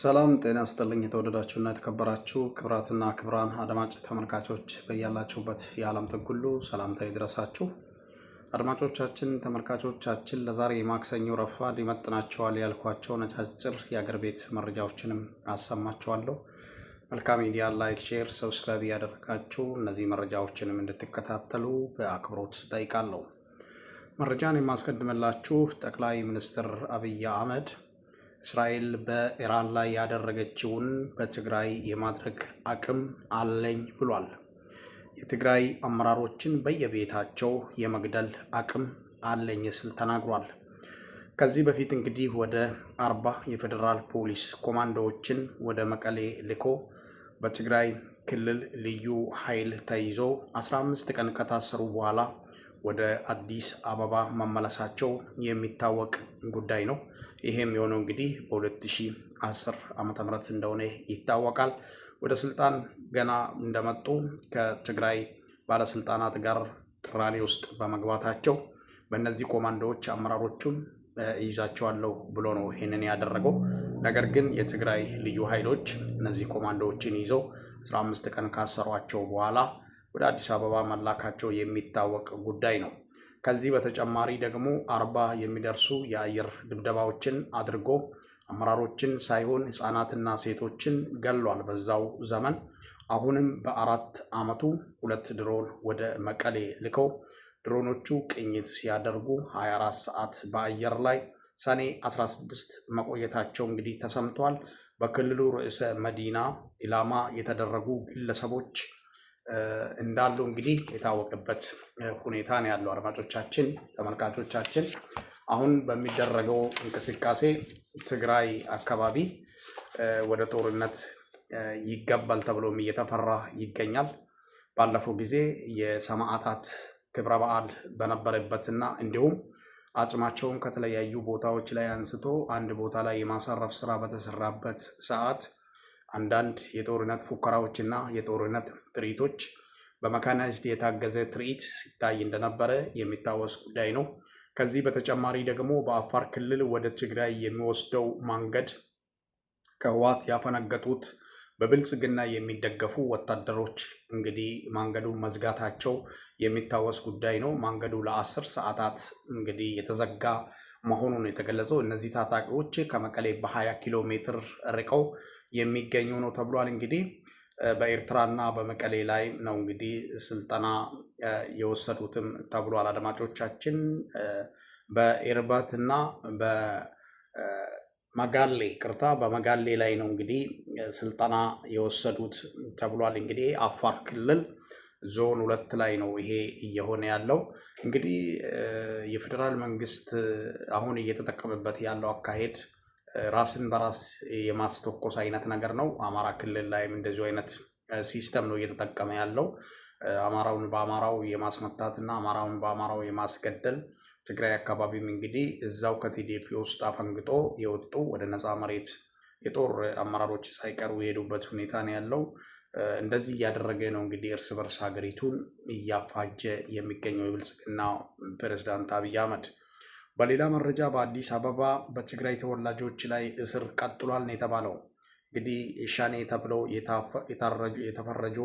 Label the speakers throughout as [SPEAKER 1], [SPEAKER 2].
[SPEAKER 1] ሰላም ጤና ስጥልኝ። የተወደዳችሁና የተከበራችሁ ክብራትና ክብራን አድማጭ ተመልካቾች በያላችሁበት የዓለም ጥግ ሁሉ ሰላምታ ይድረሳችሁ። አድማጮቻችን፣ ተመልካቾቻችን ለዛሬ የማክሰኞ ረፋድ ይመጥናቸዋል ያልኳቸው ነጫጭር የአገር ቤት መረጃዎችንም አሰማችኋለሁ። መልካም ሚዲያ ላይክ፣ ሼር፣ ሰብስክራይብ እያደረጋችሁ እነዚህ መረጃዎችንም እንድትከታተሉ በአክብሮት ጠይቃለሁ። መረጃን የማስቀድምላችሁ ጠቅላይ ሚኒስትር አብይ አህመድ እስራኤል በኢራን ላይ ያደረገችውን በትግራይ የማድረግ አቅም አለኝ ብሏል። የትግራይ አመራሮችን በየቤታቸው የመግደል አቅም አለኝ ስል ተናግሯል። ከዚህ በፊት እንግዲህ ወደ አርባ የፌዴራል ፖሊስ ኮማንዶዎችን ወደ መቀሌ ልኮ በትግራይ ክልል ልዩ ኃይል ተይዞ 15 ቀን ከታሰሩ በኋላ ወደ አዲስ አበባ መመለሳቸው የሚታወቅ ጉዳይ ነው። ይሄም የሆነው እንግዲህ በ2010 ዓመተ ምህረት እንደሆነ ይታወቃል። ወደ ስልጣን ገና እንደመጡ ከትግራይ ባለስልጣናት ጋር ቅራኔ ውስጥ በመግባታቸው በእነዚህ ኮማንዶዎች አመራሮቹን ይዛቸዋለሁ ብሎ ነው ይህንን ያደረገው። ነገር ግን የትግራይ ልዩ ኃይሎች እነዚህ ኮማንዶዎችን ይዘው 15 ቀን ካሰሯቸው በኋላ ወደ አዲስ አበባ መላካቸው የሚታወቅ ጉዳይ ነው። ከዚህ በተጨማሪ ደግሞ አርባ የሚደርሱ የአየር ድብደባዎችን አድርጎ አመራሮችን ሳይሆን ህፃናትና ሴቶችን ገሏል። በዛው ዘመን አሁንም በአራት ዓመቱ ሁለት ድሮን ወደ መቀሌ ልከው ድሮኖቹ ቅኝት ሲያደርጉ 24 ሰዓት በአየር ላይ ሰኔ 16 መቆየታቸው እንግዲህ ተሰምቷል። በክልሉ ርዕሰ መዲና ኢላማ የተደረጉ ግለሰቦች እንዳሉ እንግዲህ የታወቀበት ሁኔታ ነው ያለው። አድማጮቻችን፣ ተመልካቾቻችን አሁን በሚደረገው እንቅስቃሴ ትግራይ አካባቢ ወደ ጦርነት ይገባል ተብሎም እየተፈራ ይገኛል። ባለፈው ጊዜ የሰማዕታት ክብረ በዓል በነበረበትና እንዲሁም አጽማቸውን ከተለያዩ ቦታዎች ላይ አንስቶ አንድ ቦታ ላይ የማሳረፍ ስራ በተሰራበት ሰዓት አንዳንድ የጦርነት ፉከራዎችና የጦርነት ትርኢቶች በመካናይዝድ የታገዘ ትርኢት ሲታይ እንደነበረ የሚታወስ ጉዳይ ነው። ከዚህ በተጨማሪ ደግሞ በአፋር ክልል ወደ ትግራይ የሚወስደው መንገድ ከህወሓት ያፈነገጡት በብልጽግና የሚደገፉ ወታደሮች እንግዲህ መንገዱ መዝጋታቸው የሚታወስ ጉዳይ ነው። መንገዱ ለአስር ሰዓታት እንግዲህ የተዘጋ መሆኑን የተገለጸው እነዚህ ታጣቂዎች ከመቀሌ በ20 ኪሎ ሜትር ርቀው የሚገኙ ነው ተብሏል እንግዲህ በኤርትራና በመቀሌ ላይ ነው እንግዲህ ስልጠና የወሰዱትም ተብሏል። አድማጮቻችን በኤርባት እና በመጋሌ ቅርታ በመጋሌ ላይ ነው እንግዲህ ስልጠና የወሰዱት ተብሏል። እንግዲህ አፋር ክልል ዞን ሁለት ላይ ነው ይሄ እየሆነ ያለው። እንግዲህ የፌዴራል መንግስት አሁን እየተጠቀመበት ያለው አካሄድ ራስን በራስ የማስተኮስ አይነት ነገር ነው። አማራ ክልል ላይም እንደዚሁ አይነት ሲስተም ነው እየተጠቀመ ያለው። አማራውን በአማራው የማስመታት እና አማራውን በአማራው የማስገደል ትግራይ አካባቢም እንግዲህ እዛው ከቲዲፒ ውስጥ አፈንግጦ የወጡ ወደ ነፃ መሬት የጦር አመራሮች ሳይቀሩ የሄዱበት ሁኔታ ነው ያለው። እንደዚህ እያደረገ ነው እንግዲህ እርስ በርስ ሀገሪቱን እያፋጀ የሚገኘው የብልጽግና ፕሬዚዳንት አብይ አህመድ። በሌላ መረጃ በአዲስ አበባ በትግራይ ተወላጆች ላይ እስር ቀጥሏል ነው የተባለው። እንግዲህ ሻኔ ተብለው የተፈረጁ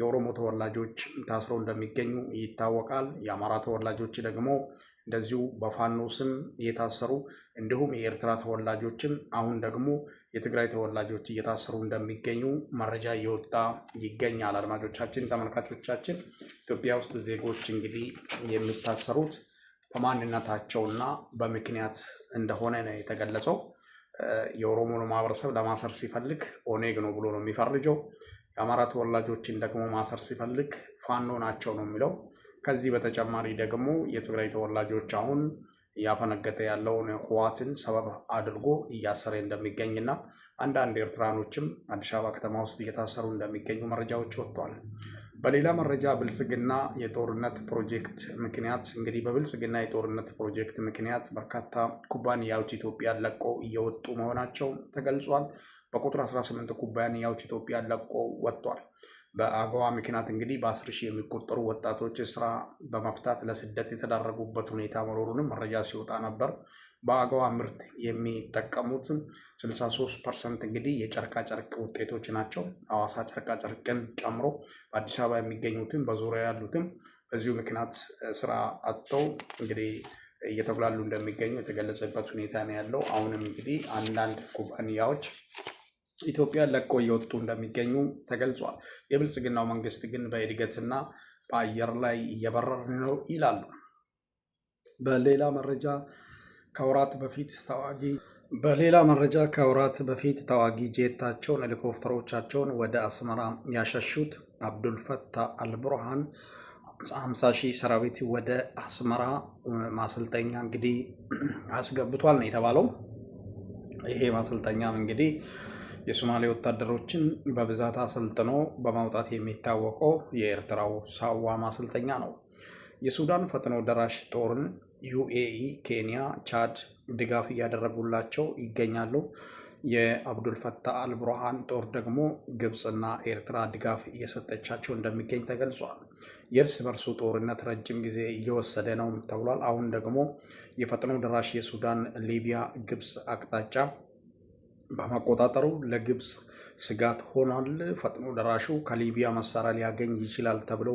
[SPEAKER 1] የኦሮሞ ተወላጆች ታስሮ እንደሚገኙ ይታወቃል። የአማራ ተወላጆች ደግሞ እንደዚሁ በፋኖ ስም እየታሰሩ እንዲሁም የኤርትራ ተወላጆችም አሁን ደግሞ የትግራይ ተወላጆች እየታሰሩ እንደሚገኙ መረጃ እየወጣ ይገኛል። አድማጮቻችን፣ ተመልካቾቻችን ኢትዮጵያ ውስጥ ዜጎች እንግዲህ የሚታሰሩት በማንነታቸውና በምክንያት እንደሆነ ነው የተገለጸው። የኦሮሞን ማህበረሰብ ለማሰር ሲፈልግ ኦኔግ ነው ብሎ ነው የሚፈርጀው። የአማራ ተወላጆችን ደግሞ ማሰር ሲፈልግ ፋኖ ናቸው ነው የሚለው። ከዚህ በተጨማሪ ደግሞ የትግራይ ተወላጆች አሁን እያፈነገጠ ያለውን ህዋትን ሰበብ አድርጎ እያሰረ እንደሚገኝና አንዳንድ ኤርትራኖችም አዲስ አበባ ከተማ ውስጥ እየታሰሩ እንደሚገኙ መረጃዎች ወጥተዋል። በሌላ መረጃ ብልጽግና የጦርነት ፕሮጀክት ምክንያት እንግዲህ በብልጽግና የጦርነት ፕሮጀክት ምክንያት በርካታ ኩባንያዎች ኢትዮጵያን ለቆ እየወጡ መሆናቸው ተገልጿል። በቁጥር 18 ኩባንያዎች ኢትዮጵያ ለቆ ወጥቷል። በአገዋ ምክንያት እንግዲህ በአስር ሺህ የሚቆጠሩ ወጣቶች ስራ በመፍታት ለስደት የተዳረጉበት ሁኔታ መኖሩንም መረጃ ሲወጣ ነበር። በአገዋ ምርት የሚጠቀሙት 63 ፐርሰንት እንግዲህ የጨርቃጨርቅ ውጤቶች ናቸው። ሐዋሳ ጨርቃጨርቅን ጨምሮ በአዲስ አበባ የሚገኙትም በዙሪያ ያሉትም በዚሁ ምክንያት ስራ አጥተው እንግዲህ እየተጉላሉ እንደሚገኙ የተገለጸበት ሁኔታ ነው ያለው። አሁንም እንግዲህ አንዳንድ ኩባንያዎች ኢትዮጵያን ለቆ እየወጡ እንደሚገኙ ተገልጿል። የብልጽግናው መንግስት ግን በእድገትና በአየር ላይ እየበረር ነው ይላሉ። በሌላ መረጃ ከወራት በፊት ተዋጊ በሌላ መረጃ ከወራት በፊት ተዋጊ ጄታቸውን ሄሊኮፕተሮቻቸውን ወደ አስመራ ያሸሹት አብዱልፈታ አልብርሃን 50 ሺህ ሰራዊት ወደ አስመራ ማሰልጠኛ እንግዲህ አስገብቷል ነው የተባለው። ይሄ ማሰልጠኛም እንግዲህ የሶማሌ ወታደሮችን በብዛት አሰልጥኖ በማውጣት የሚታወቀው የኤርትራው ሳዋ ማሰልጠኛ ነው። የሱዳን ፈጥኖ ደራሽ ጦርን ዩኤኢ፣ ኬንያ፣ ቻድ ድጋፍ እያደረጉላቸው ይገኛሉ። የአብዱልፈታ አልቡርሃን ጦር ደግሞ ግብፅና ኤርትራ ድጋፍ እየሰጠቻቸው እንደሚገኝ ተገልጿል። የእርስ በርሱ ጦርነት ረጅም ጊዜ እየወሰደ ነው ተብሏል። አሁን ደግሞ የፈጥኖ ደራሽ የሱዳን ሊቢያ፣ ግብፅ አቅጣጫ በማቆጣጠሩ ለግብፅ ስጋት ሆኗል። ፈጥኖ ደራሹ ከሊቢያ መሳሪያ ሊያገኝ ይችላል ተብሎ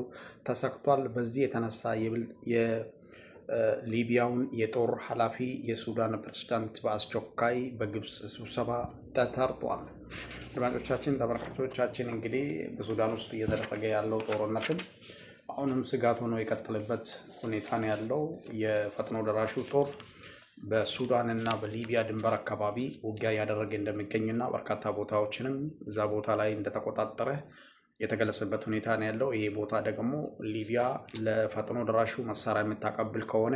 [SPEAKER 1] ተሰክቷል። በዚህ የተነሳ የሊቢያውን የጦር ኃላፊ የሱዳን ፕሬዝዳንት በአስቸኳይ በግብፅ ስብሰባ ተጠርጧል። አድማጮቻችን፣ ተመልካቾቻችን እንግዲህ በሱዳን ውስጥ እየተደረገ ያለው ጦርነትም አሁንም ስጋት ሆኖ የቀጠለበት ሁኔታ ነው ያለው የፈጥኖ ደራሹ ጦር በሱዳን እና በሊቢያ ድንበር አካባቢ ውጊያ እያደረገ እንደሚገኝና በርካታ ቦታዎችንም እዛ ቦታ ላይ እንደተቆጣጠረ የተገለጸበት ሁኔታ ነው ያለው። ይሄ ቦታ ደግሞ ሊቢያ ለፈጥኖ ደራሹ መሳሪያ የምታቀብል ከሆነ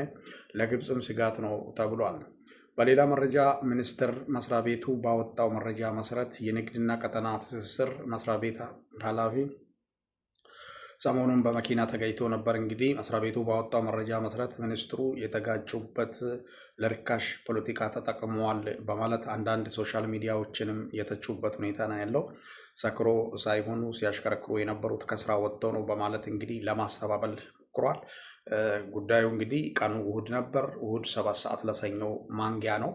[SPEAKER 1] ለግብፅም ስጋት ነው ተብሏል። በሌላ መረጃ ሚኒስቴር መስሪያ ቤቱ ባወጣው መረጃ መሰረት የንግድና ቀጠና ትስስር መስሪያ ቤት ኃላፊ ሰሞኑን በመኪና ተገኝቶ ነበር። እንግዲህ መስሪያ ቤቱ ባወጣው መረጃ መሰረት ሚኒስትሩ የተጋጩበት ለርካሽ ፖለቲካ ተጠቅመዋል በማለት አንዳንድ ሶሻል ሚዲያዎችንም የተቹበት ሁኔታ ነው ያለው። ሰክሮ ሳይሆኑ ሲያሽከረክሩ የነበሩት ከስራ ወጥተው ነው በማለት እንግዲህ ለማስተባበል ሞክሯል። ጉዳዩ እንግዲህ ቀኑ እሁድ ነበር። እሁድ ሰባት ሰዓት ለሰኞ ማንጊያ ነው።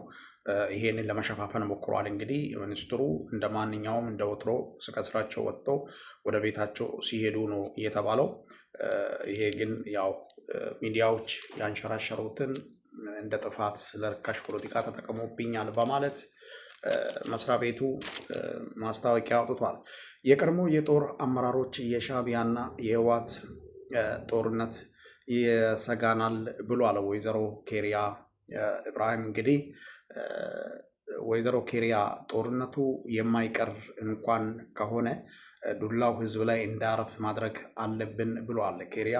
[SPEAKER 1] ይሄንን ለመሸፋፈን ሞክሯል። እንግዲህ ሚኒስትሩ እንደ ማንኛውም እንደ ወትሮ ከስራቸው ወጥቶ ወደ ቤታቸው ሲሄዱ ነው እየተባለው። ይሄ ግን ያው ሚዲያዎች ያንሸራሸሩትን እንደ ጥፋት ለርካሽ ፖለቲካ ተጠቅሞብኛል በማለት መስሪያ ቤቱ ማስታወቂያ አውጥቷል። የቀድሞ የጦር አመራሮች የሻቢያና የህዋት ጦርነት ይሰጋናል ብሏል። ወይዘሮ ኬሪያ ኢብራሂም እንግዲህ ወይዘሮ ኬሪያ ጦርነቱ የማይቀር እንኳን ከሆነ ዱላው ህዝብ ላይ እንዳረፍ ማድረግ አለብን ብለዋል ኬሪያ።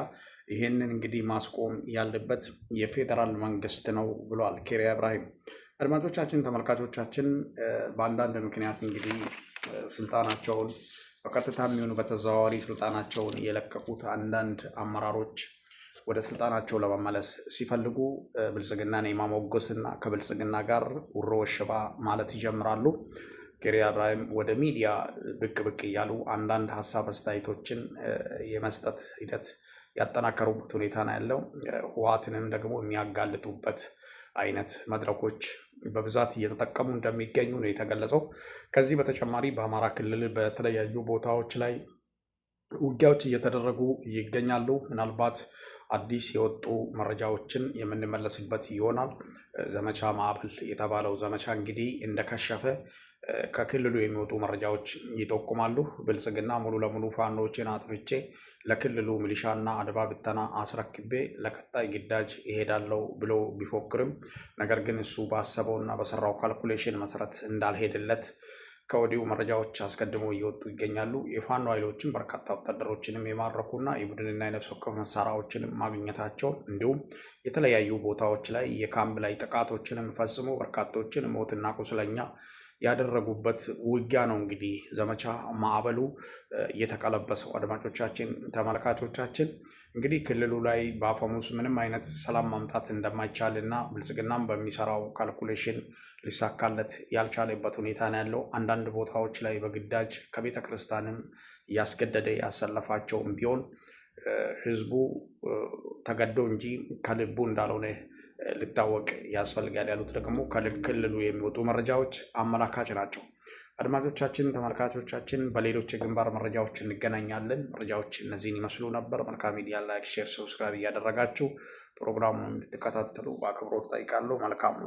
[SPEAKER 1] ይህንን እንግዲህ ማስቆም ያለበት የፌዴራል መንግስት ነው ብለዋል ኬሪያ እብራሂም። አድማጮቻችን፣ ተመልካቾቻችን በአንዳንድ ምክንያት እንግዲህ ስልጣናቸውን በቀጥታ የሚሆኑ በተዘዋዋሪ ስልጣናቸውን የለቀቁት አንዳንድ አመራሮች ወደ ስልጣናቸው ለመመለስ ሲፈልጉ ብልጽግናን የማሞገስና ከብልጽግና ጋር ውሮ ሽባ ማለት ይጀምራሉ። ኬሪያ ኢብራሂም ወደ ሚዲያ ብቅ ብቅ እያሉ አንዳንድ ሀሳብ አስተያየቶችን የመስጠት ሂደት ያጠናከሩበት ሁኔታ ነው ያለው። ህወሓትንም ደግሞ የሚያጋልጡበት አይነት መድረኮች በብዛት እየተጠቀሙ እንደሚገኙ ነው የተገለጸው። ከዚህ በተጨማሪ በአማራ ክልል በተለያዩ ቦታዎች ላይ ውጊያዎች እየተደረጉ ይገኛሉ። ምናልባት አዲስ የወጡ መረጃዎችን የምንመለስበት ይሆናል። ዘመቻ ማዕበል የተባለው ዘመቻ እንግዲህ እንደከሸፈ ከክልሉ የሚወጡ መረጃዎች ይጠቁማሉ። ብልጽግና ሙሉ ለሙሉ ፋኖችን አጥፍቼ ለክልሉ ሚሊሻና አድባ ብተና አስረክቤ ለቀጣይ ግዳጅ ይሄዳለው ብሎ ቢፎክርም ነገር ግን እሱ ባሰበውና በሰራው ካልኩሌሽን መሰረት እንዳልሄድለት ከወዲሁ መረጃዎች አስቀድሞ እየወጡ ይገኛሉ። የፋኖ ኃይሎችን በርካታ ወታደሮችንም የማረኩና የቡድንና የነፍስ ወከፍ መሳሪያዎችንም ማግኘታቸውን እንዲሁም የተለያዩ ቦታዎች ላይ የካምፕ ላይ ጥቃቶችንም ፈጽሞ በርካቶችን ሞትና ቁስለኛ ያደረጉበት ውጊያ ነው። እንግዲህ ዘመቻ ማዕበሉ እየተቀለበሰው አድማጮቻችን፣ ተመልካቾቻችን እንግዲህ ክልሉ ላይ በአፈሙስ ምንም አይነት ሰላም ማምጣት እንደማይቻል እና ብልጽግናም በሚሰራው ካልኩሌሽን ሊሳካለት ያልቻለበት ሁኔታ ነው ያለው። አንዳንድ ቦታዎች ላይ በግዳጅ ከቤተ ክርስቲያንም እያስገደደ ያሰለፋቸውም ቢሆን ህዝቡ ተገዶ እንጂ ከልቡ እንዳልሆነ ልታወቅ ያስፈልጋል ያሉት ደግሞ ከክልሉ የሚወጡ መረጃዎች አመላካች ናቸው። አድማጮቻችን፣ ተመልካቾቻችን በሌሎች የግንባር መረጃዎች እንገናኛለን። መረጃዎች እነዚህን ይመስሉ ነበር። መልካም ሚዲያ ላይክ፣ ሼር፣ ሰብስክራይብ እያደረጋችሁ ፕሮግራሙን እንድትከታተሉ በአክብሮት ጠይቃለሁ። መልካም